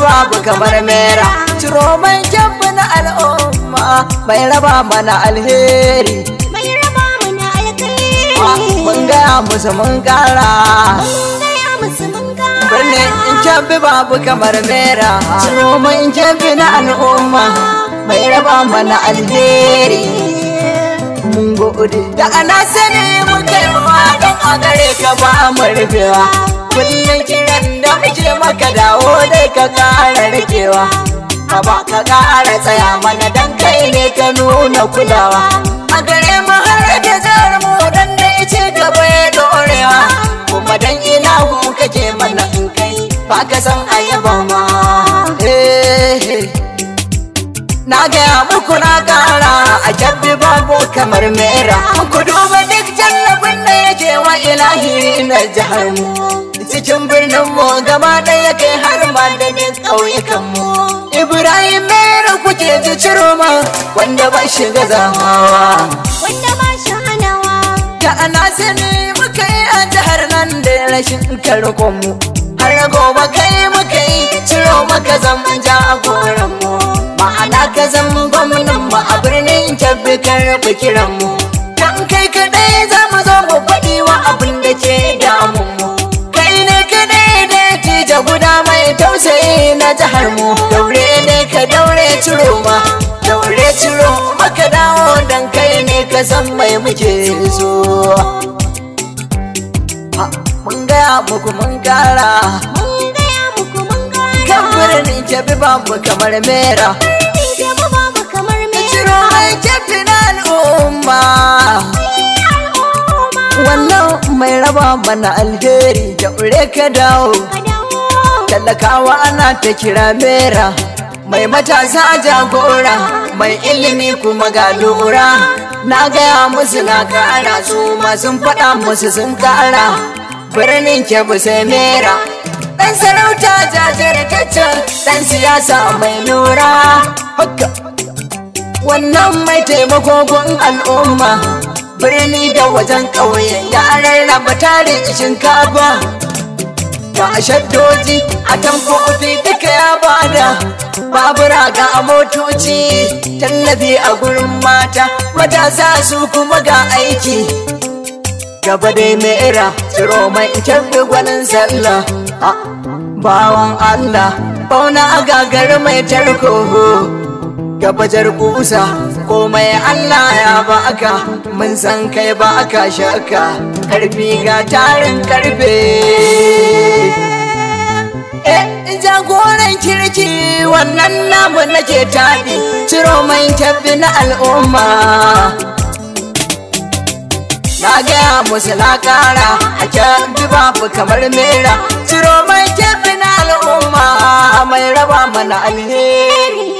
babu kamar mera ciro man kyambu na al'umma mai raba mana alheri mai raba mana alheri mun gaya musu mun kara in babu kamar mera ciro na al'umma mai alheri mun gode da ana sani mun kai don a kullum kiran da muke maka dawo dai ka ƙara rikewa ba ka ƙara tsaya mana dan kai ne ka nuna kulawa a gare mu har da jihar mu dan da ya gaba ya dorewa kuma dan ina ku kake mana in kai ba ka san ayaba ma eh, na gaya muku na ƙara a jabbi babu kamar mera ku duba duk jannabin da yake wa ilahi na jihar mu cikin birnin mu gaba ɗaya kai har ma da bin ƙauyukan mu Ibrahim Mera kuke ji ciroma wanda ba shi ga zamawa wanda ba shi hanawa da ne muka yi a jihar nan da rashin karkon mu har gobe kai muka yi ciro maka zaman jagoran mu ma'ana ka zama gwamnan mu a birnin kyabbi karfi kiran mu jihar mu daure ne ka daure ciro ma daure ciro maka dawo dan kai ne ka san mai muke so ah, mun gaya muku mun kara kan birnin kebi babu kamar mera mai na wannan mai raba mana alheri da ure ka dawo talakawa ana ta kira mera mai matasa jagora mai ilimi kuma ga lura na gaya musu na kara su masu faɗa musu sun kara birnin ke sai mera ɗan sarauta jajirtaccen ɗan siyasa mai lura wannan mai taimako gun al'umma birni da wajen ƙauye ya rarraba a shinkafa ga shaddoji a kofi duka ya bada babura ga motoci tallafi a gurin mata matasa su kuma ga aiki gaba dai mera tsiro mai kyabbe gwanin sallah bawan allah bauna a gagar mai tarko gaba jar kusa komai Allah ya baka mun san kai baka shaka karfi ga tarin karfe eh jagoran kirki wannan namu nake tabi ciro mai tafi na al'umma na gaya musu na kara a bi babu kamar mera ciro mai tafi na al'umma mai raba mana alheri